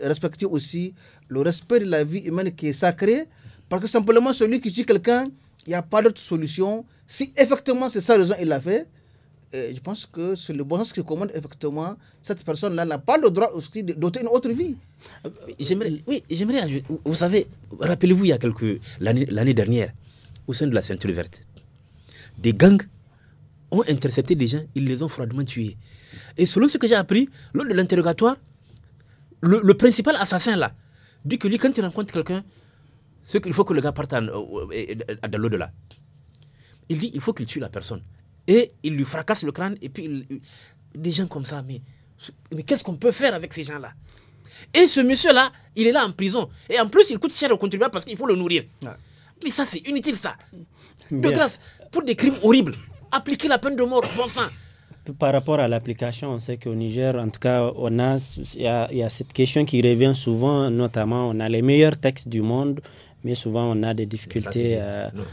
S3: respecter, aussi le respect de la vie humaine qui est sacrée, parce que simplement celui qui tue quelqu'un, il n'y a pas d'autre solution. Si effectivement c'est sa raison, il l'a fait, euh, je pense que c'est le bon sens qui commande effectivement cette personne-là n'a pas le droit aussi d'ôter une autre vie. Euh, j'aimerais, oui,
S1: j'aimerais vous savez, rappelez-vous il y a quelques l'année dernière au sein de la ceinture verte, des gangs ont intercepté des gens, ils les ont froidement tués. Et selon ce que j'ai appris, lors de l'interrogatoire, le, principal assassin là dit que lui, quand il rencontre quelqu'un, ce qu'il faut que le gars parte à, euh, l'au-delà. Il dit il faut qu'il tue la personne. Et il lui fracasse le crâne, et puis des gens comme ça, mais, mais qu'est-ce qu'on peut faire avec ces gens-là Et ce monsieur-là, il est là en prison. Et en plus, il coûte cher au contribuable parce qu'il faut le nourrir. Mais ça, c'est inutile, ça. De grâce, pour des crimes horribles appliquer la peine de mort. Bon sang
S2: par rapport à l'application, on sait qu'au Niger, en tout cas, on a, il y, a cette question qui revient souvent, notamment, on a les meilleurs textes du monde, mais souvent on a des difficultés.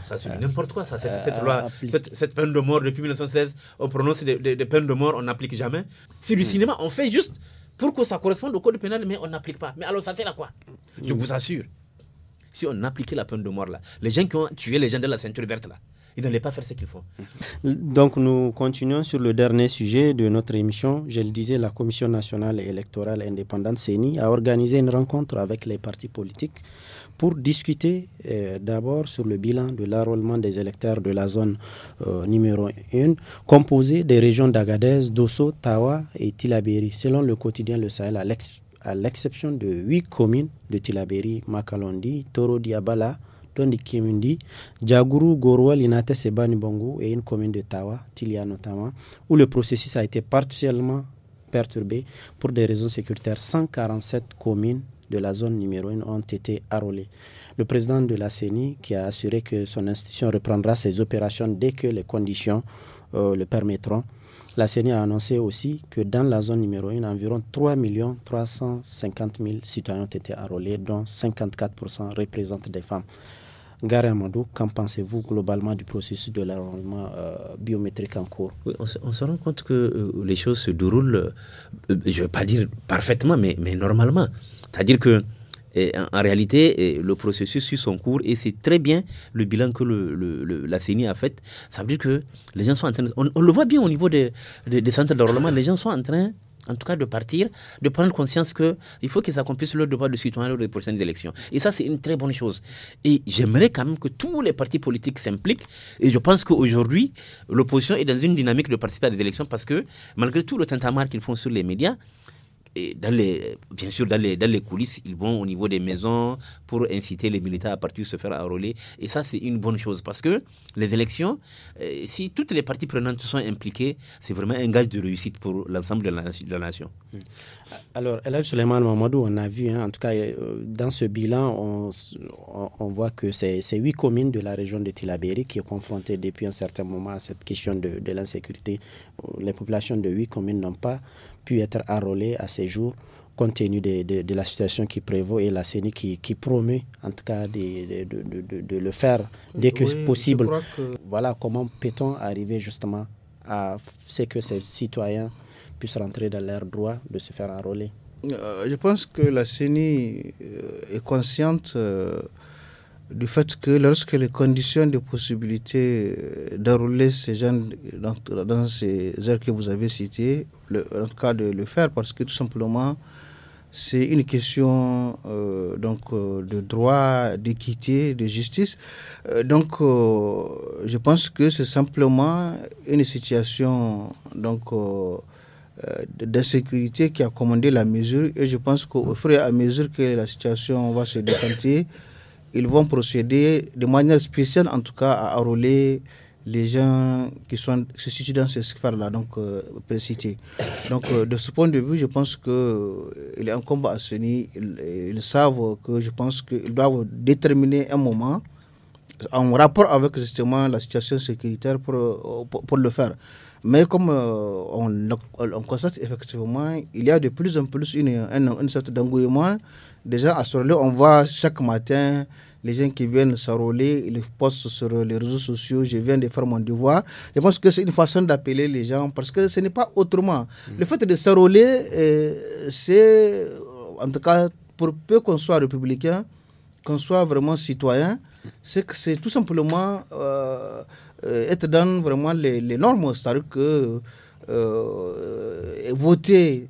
S2: Ça, c'est n'importe
S1: quoi, ça. Cette, loi, cette, peine de mort depuis 1916, on prononce des, peines de mort, on n'applique jamais. C'est du mm. cinéma, on fait juste pour que ça corresponde au code pénal, mais on n'applique pas. Mais alors, ça sert à quoi Je mm. vous assure, si on appliquait la peine de mort là, les gens qui ont tué les gens de la ceinture verte là, il n'allait pas faire ce qu'il faut.
S2: Donc nous continuons sur le dernier sujet de notre émission. Je le disais, la Commission nationale électorale indépendante CENI a organisé une rencontre avec les partis politiques pour discuter euh, d'abord sur le bilan de l'enrôlement des électeurs de la zone euh, numéro 1, composée des régions d'Agadez, Dosso, Tawa et Tilaberi. Selon le quotidien Le Sahel, à l'exception de huit communes de Tilaberi, Makalondi, Toro Diabala, dans les Kemundi, Djagourou, Gorwal, et et une commune de Tawa, Tilia notamment, où le processus a été partiellement perturbé pour des raisons sécuritaires. 147 communes de la zone numéro 1 ont été arrolées. Le président de la CENI, qui a assuré que son institution reprendra ses opérations dès que les conditions euh, le permettront, la CENI a annoncé aussi que dans la zone numéro 1, environ 3 350 000 citoyens ont été enrôlés, dont 54% représentent des femmes. Gare Amadou, qu'en pensez-vous globalement du processus de l'enrôlement euh, biométrique en cours on, se, rend compte que euh, les choses se
S1: déroulent, euh, je ne vais pas dire parfaitement, mais, mais normalement. C'est-à-dire que en, réalité, le processus suit son cours et c'est très bien le bilan que la CENI a fait. Ça veut dire que les gens sont en train. on, le voit bien au niveau des, des, des centres d'enrôlement, les gens sont en train en tout cas de partir, de prendre conscience qu'il faut qu'ils accomplissent leur devoir de citoyen lors des prochaines élections. Et ça, c'est une très bonne chose. Et j'aimerais quand même que tous les partis politiques s'impliquent. Et je pense qu'aujourd'hui, l'opposition est dans une dynamique de participer à des élections parce que, malgré tout le tintamarre qu'ils font sur les médias, dans bien sûr, dans les, coulisses, ils vont au niveau des maisons pour inciter les militants à partir se faire enrôler. Et ça, c'est une bonne chose parce que les élections, euh, si toutes les parties prenantes sont impliquées, c'est vraiment un gage de réussite pour l'ensemble de, la nation. Hmm.
S2: Alors, El Suleiman Mamadou, on a vu, hein, en tout cas, euh, dans ce bilan, on, voit que c'est huit communes de la région de Tilabéry qui est confrontée depuis un certain moment à cette question de l'insécurité. Euh, les populations de huit communes n'ont pas pu être enrôlés à ces jours compte tenu de, de, la situation qui prévaut et la CENI qui, qui en tout cas de, de le faire dès que possible. Voilà comment peut-on arriver justement à ce que ces citoyens puissent rentrer dans leur droit de se faire enrôler.
S3: Euh, je pense que la CENI euh, est consciente euh, du fait que lorsque les conditions de possibilité euh, d'enrouler ces jeunes dans, ces heures que vous avez citées, le, en tout cas de le faire, parce que tout simplement, c'est une question euh, donc, euh, de droit, d'équité, de justice. donc, je pense que c'est simplement une situation donc, d'insécurité qui a commandé la mesure. Et je pense qu'au fur et à mesure que la situation va se décanter, ils vont procéder de manière spéciale, en tout cas, à enrôler les gens qui, sont, se situent dans ces sphères-là, donc euh, précités. Donc, euh, de ce point de vue, je pense qu'il euh, il est combat à CENI. Ils, euh, ils, savent que je pense qu'ils doivent déterminer un moment en rapport avec justement la situation sécuritaire pour, pour, le faire. Mais comme on, constate effectivement, il y a de plus en plus une, une, une sorte d'engouement Déjà à Sorolé, on voit chaque matin les gens qui viennent s'enrôler, ils postent sur les réseaux sociaux, je viens de faire mon devoir. Je pense que c'est une façon d'appeler les gens parce que ce n'est pas autrement. Mm. Le fait de s'enrôler, euh, c'est, en tout cas, pour peu qu'on soit républicain, qu'on soit vraiment citoyen, c'est que c'est tout simplement euh, euh, être dans vraiment les, normes, c'est-à-dire que voter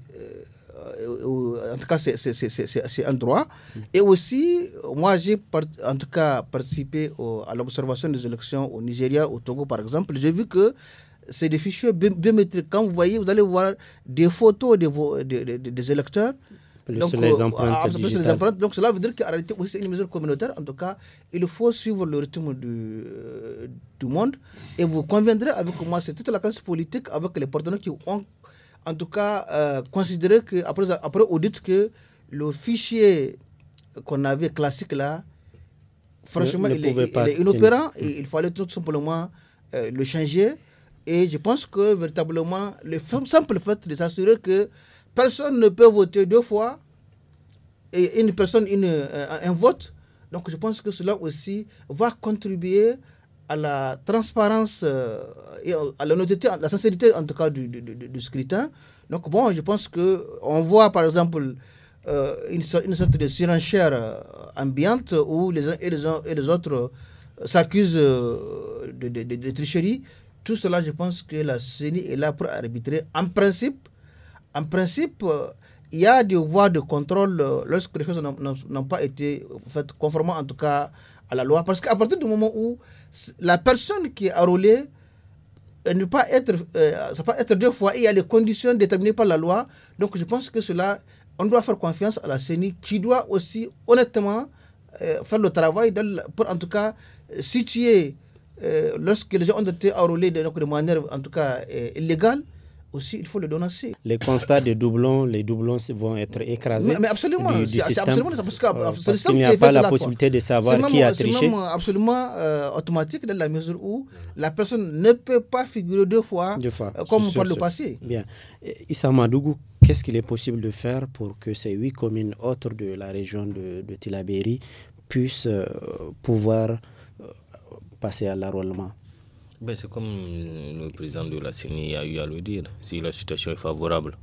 S3: euh, euh, en tout cas, c'est un droit. Et aussi, moi, j'ai en tout cas participé à l'observation des élections au Nigeria, au Togo, par exemple. J'ai vu que c'est des fichiers biométriques. Quand vous voyez, vous allez voir des photos des électeurs. donc, les empreintes Donc cela veut dire qu'en réalité, c'est une mesure communautaire. En tout cas, il faut suivre le rythme du, euh, du monde. Et vous conviendrez avec moi, c'est toute la classe politique, avec les partenaires qui ont en tout cas, euh, considérer que après, après audit que le fichier qu'on avait classique là, franchement, il, est, inopérant et il fallait tout simplement euh, le changer. Et je pense que véritablement, le simple fait de s'assurer que personne ne peut voter deux fois et une personne, une, euh, un vote, donc je pense que cela aussi va contribuer à la transparence euh, et à la la sincérité en tout cas du, scrutin. Donc bon, je pense que on voit par exemple euh, une, sorte, une, sorte de surenchère euh, ambiante où les uns et les, autres s'accusent de, tricherie. Tout cela, je pense que la CENI est là pour arbitrer. En principe, en principe, il y a des voies de contrôle lorsque les choses n'ont pas été faites conformément en tout cas à la loi. Parce qu'à partir du moment où la personne qui est enrôlée euh, ne euh, peut pas être, ça peut être deux fois, il y a les conditions déterminées par la loi. Donc je pense que cela, on doit faire confiance à la CENI qui doit aussi honnêtement euh, faire le travail pour en tout cas situer lorsque les gens ont été enrôlés de, de manière en tout cas illégale aussi, il faut le dénoncer. Les
S2: constats des doublons, les doublons vont être écrasés. Mais, absolument, c'est absolument euh, n'y a pas la possibilité de savoir qui a euh, triché. C'est même euh,
S3: absolument automatique dans la mesure où la personne ne peut pas figurer deux fois, comme par le passé.
S2: Bien. Issa Madougou, qu'est-ce qu'il est possible de faire pour que ces huit communes autres de la région de, de Tilabéry puissent pouvoir passer à l'arrôlement
S4: ben, c'est comme euh, le président de la CENI a eu à le dire. Si la situation est favorable,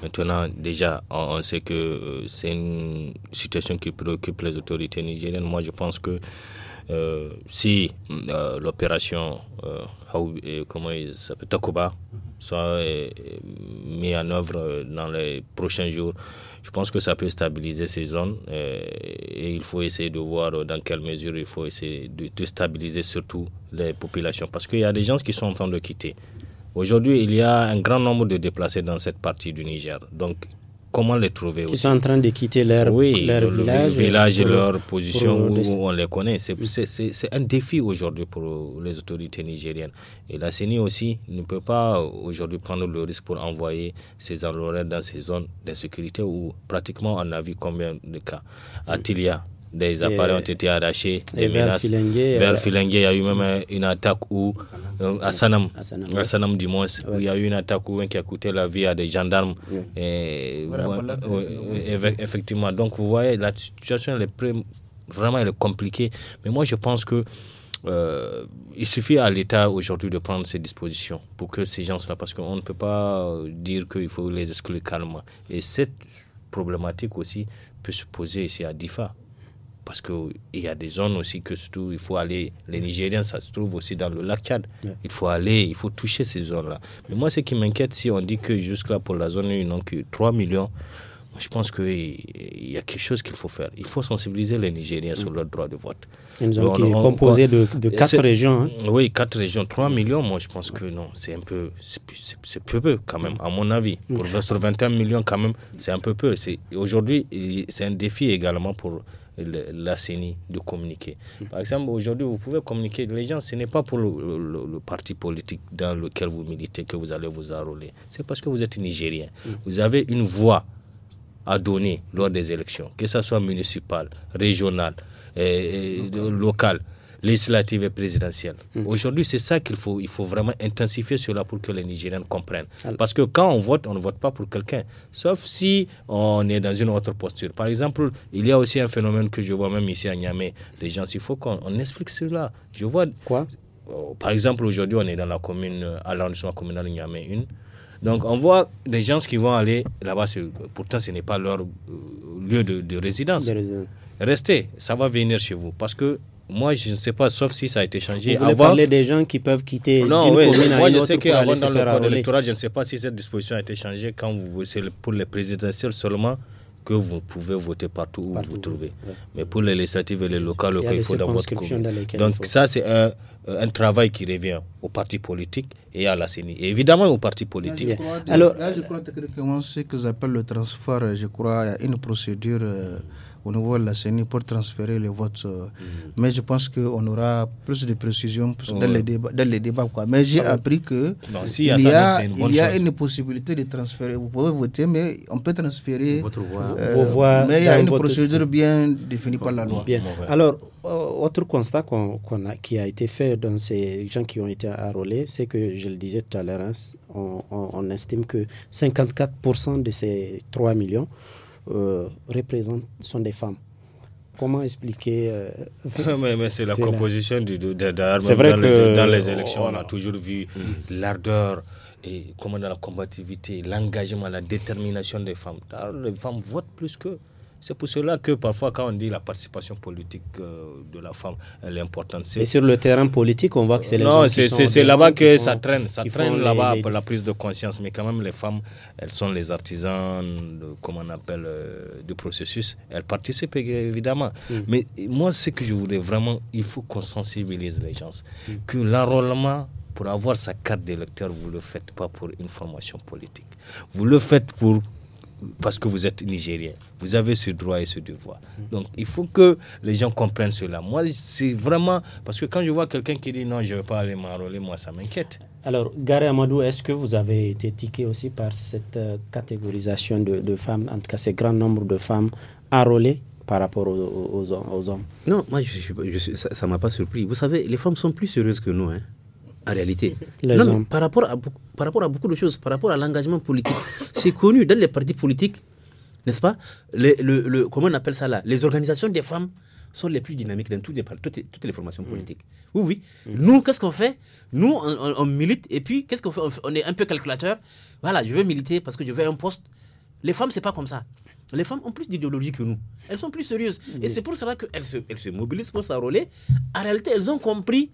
S4: Maintenant, déjà, on, sait que euh, c'est une situation qui préoccupe les autorités nigériennes. Moi, je pense que euh, si l'opération euh, comment mhm. soit mise en œuvre dans les prochains jours, je pense que ça peut stabiliser ces zones euh, et il faut essayer de voir dans quelle mesure il faut essayer de, stabiliser surtout les populations parce qu'il y a des gens qui sont en train de quitter. Aujourd'hui, il y a un grand nombre de déplacés dans cette partie du Niger. Donc, comment les trouver
S2: aussi Ils sont en train de quitter leur, oui, leur village, leur position où
S4: on les connaît. Mm. C'est un défi aujourd'hui pour les autorités nigériennes. Et la CENI aussi ne peut pas aujourd'hui prendre le risque pour envoyer ses enrôlés dans ces zones d'insécurité où pratiquement on a vu combien de cas. Atilia des appareils ont été arrachés, vers menaces. il y a eu même une attaque où, à Sanam, du moins, il y a eu une attaque où, qui a coûté la vie à des gendarmes. Et, Effectivement, donc vous voyez, la situation elle est vraiment elle compliquée. Mais moi, je pense que euh, il suffit à l'État aujourd'hui de prendre ses dispositions pour que ces gens-là, parce qu'on ne peut pas euh, dire qu'il faut les exclure calmement. Et cette problématique aussi peut se poser ici à DIFA parce qu'il y a des zones aussi que surtout il faut aller, les Nigériens, ça se trouve aussi dans le lac Tchad. Il faut aller, il faut toucher ces zones-là. Mais moi, ce qui m'inquiète, si on dit que jusque-là, pour la zone, ils n'ont que 3 millions, je pense qu'il y a quelque chose qu'il faut faire. Il faut sensibiliser les Nigériens sur leur droit de vote. Une zone qui est composée de, de quatre régions. Hein. Oui, quatre régions, 3 millions, moi je pense que non, c'est un peu, c'est peu peu quand même, à mon avis. Pour 21 mm. millions quand même, c'est un peu peu. Aujourd'hui, c'est un défi également pour la CENI de communiquer. Hmm. Par exemple, aujourd'hui, vous pouvez communiquer. Les gens, ce n'est pas pour le, parti politique dans lequel vous militez que vous allez vous enrôler. C'est parce que vous êtes Nigérien. Hmm. Vous avez une voix à donner lors des élections, que ce soit municipale, régionale, et, locale législative et présidentielle hmm. Aujourd'hui, c'est ça qu'il faut, il faut vraiment intensifier cela pour que les Nigériens comprennent. Ah. Parce que quand on vote, on ne vote pas pour quelqu'un, sauf si on est dans une autre posture. Par exemple, il y a aussi un phénomène que je vois même ici à Niamey. Les gens, il faut qu'on explique cela. Je vois. Quoi oh, Par exemple, aujourd'hui, on est dans la commune, à euh, l'arrondissement communal de Niamey 1. Donc on voit des gens qui vont aller là-bas, pourtant ce n'est pas leur euh, lieu de, résidence. de résidence. Restez, ça va venir chez vous parce que moi, je ne sais pas, sauf si ça a été changé. Vous voulez parler des gens qui peuvent
S2: quitter non, oui, moi, je sais qu'avant, dans le code électoral,
S4: je ne sais pas si cette disposition a été changée quand vous c'est pour les présidentielles seulement que vous pouvez voter partout où vous trouvez. Mais pour les législatives et les locales, il, faut dans votre Donc ça, c'est euh, un, travail qui revient aux partis politiques et à la CENI. Et évidemment aux partis politiques. je crois, Alors,
S3: là, je crois euh, ce que j'appelle le transfert. Je crois il y a une procédure... Euh, au niveau de la CNI pour transférer les votes. Euh. Mm-hmm. Mais je pense qu'on aura plus de précisions dans, les débats, Quoi. Mais j'ai appris que non, il y a, ça, une, il y a une, possibilité de transférer. Vous pouvez voter, mais on peut transférer euh, Vos voix mais il y a une procédure bien définie par la loi.
S2: Alors, euh, autre constat qu'on a, qui a été fait dans ces gens qui ont été enrôlés, c'est que, je le disais tout à l'heure, hein, on, on, estime que 54% de ces 3 millions euh, représentent, sont des femmes. Comment expliquer euh, (laughs) mais, C'est la composition
S4: du, dans, que les, dans les élections. On, a toujours vu mm. l'ardeur et comment dans la combativité, l'engagement, la détermination des femmes. les femmes votent plus que. C'est pour cela que parfois, quand on dit la participation politique euh, de la femme, elle est importante. Et sur le terrain
S2: politique, on voit que c'est les Non, c'est là-bas que ça traîne.
S4: Ça traîne là-bas pour la prise de conscience. Mais quand même, les femmes, elles sont les artisans, de, on appelle, euh, du processus. Elles participent évidemment. Hmm. Mais moi, ce que je voudrais vraiment, il faut qu'on sensibilise les gens. Hmm. Que l'enrôlement pour avoir sa carte d'électeur, vous ne le faites pas pour une formation politique. Vous le faites pour parce que vous êtes nigérien. Vous avez ce droit et ce devoir. Donc il faut que les gens comprennent cela. Moi, c'est vraiment parce que quand je vois quelqu'un qui dit non, je ne veux pas aller m'enrôler, moi, ça m'inquiète.
S2: Alors, Gary Amadou, est-ce que vous avez été tiqué aussi par cette euh, catégorisation de, femmes, en tout cas, ce grand nombre de femmes enrôlées par rapport aux, hommes Non, moi, ça ne m'a pas surpris. Vous savez, les femmes sont plus sérieuses que nous. Hein
S1: en réalité. (laughs) Non, par, rapport à, par rapport à beaucoup de choses, par rapport à l'engagement politique, c'est connu dans les partis politiques, n'est-ce pas les, le, Comment on appelle ça là Les organisations des femmes sont les plus dynamiques dans toutes les, toutes les, toutes les formations mm. politiques. Oui, oui. Mm. Nous, qu'est-ce qu'on fait Nous, on, milite et puis, qu'est-ce qu'on fait on, est un peu calculateur. Voilà, je vais militer parce que je veux un poste. Les femmes, c'est pas comme ça. Les femmes ont plus d'idéologie que nous. Elles sont plus sérieuses. Et mm. c'est pour cela qu'elles se, elles se mobilisent pour s'enrôler. En réalité, elles ont compris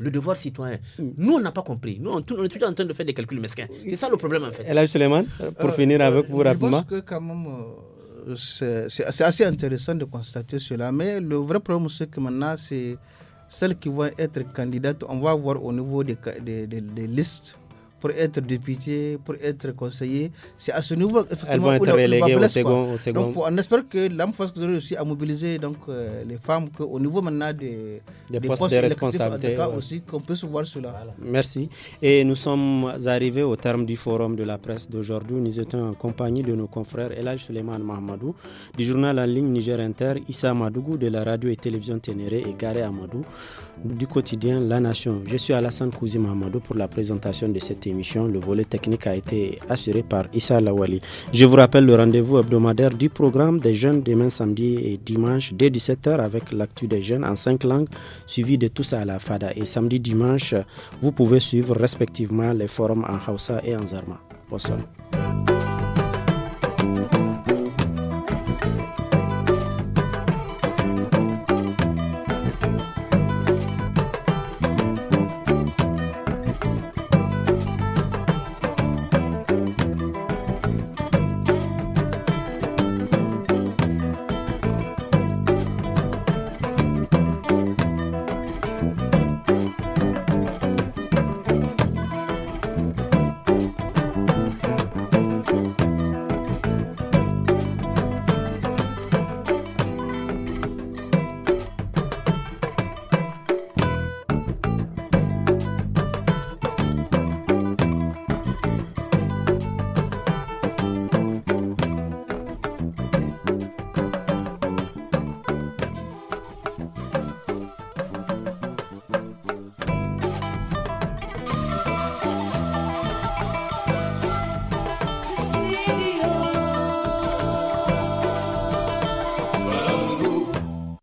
S1: le devoir citoyen. Hmm.
S3: Nous, on n'a pas compris.
S1: Nous, on, est toujours en train de faire des calculs mesquins. C'est ça le problème, en fait. Et là,
S3: euh, pour euh, finir avec vous euh, rapidement. Je pense que, quand même, c'est assez intéressant de constater cela. Mais le vrai problème, c'est que maintenant, c'est celles qui vont être candidates, on va voir au niveau des, des listes pour être député, pour être conseiller. C'est à ce niveau effectivement Elles être au second, on espère que l'homme que aussi à mobiliser donc, euh, les femmes que, au niveau maintenant des, postes, de responsabilité. aussi qu'on puisse voir cela.
S2: Merci. Et nous sommes arrivés au terme du forum de la presse d'aujourd'hui. Nous étions en compagnie de nos confrères Elage Suleiman Mahamadou du journal en ligne Niger Inter, Issa Madougou de la radio et télévision Ténéré et Garé Amadou du quotidien La Nation. Je suis Alassane Kouzi Mahamadou pour la présentation de cette émission. Le volet technique a été assuré par Issa Lawali. Je vous rappelle le rendez-vous hebdomadaire du programme des jeunes demain samedi et dimanche dès 17h avec l'actu des jeunes en cinq langues suivi de tous à la FADA. Et samedi dimanche, vous pouvez suivre respectivement les forums en Hausa et en Zarma. Bonsoir.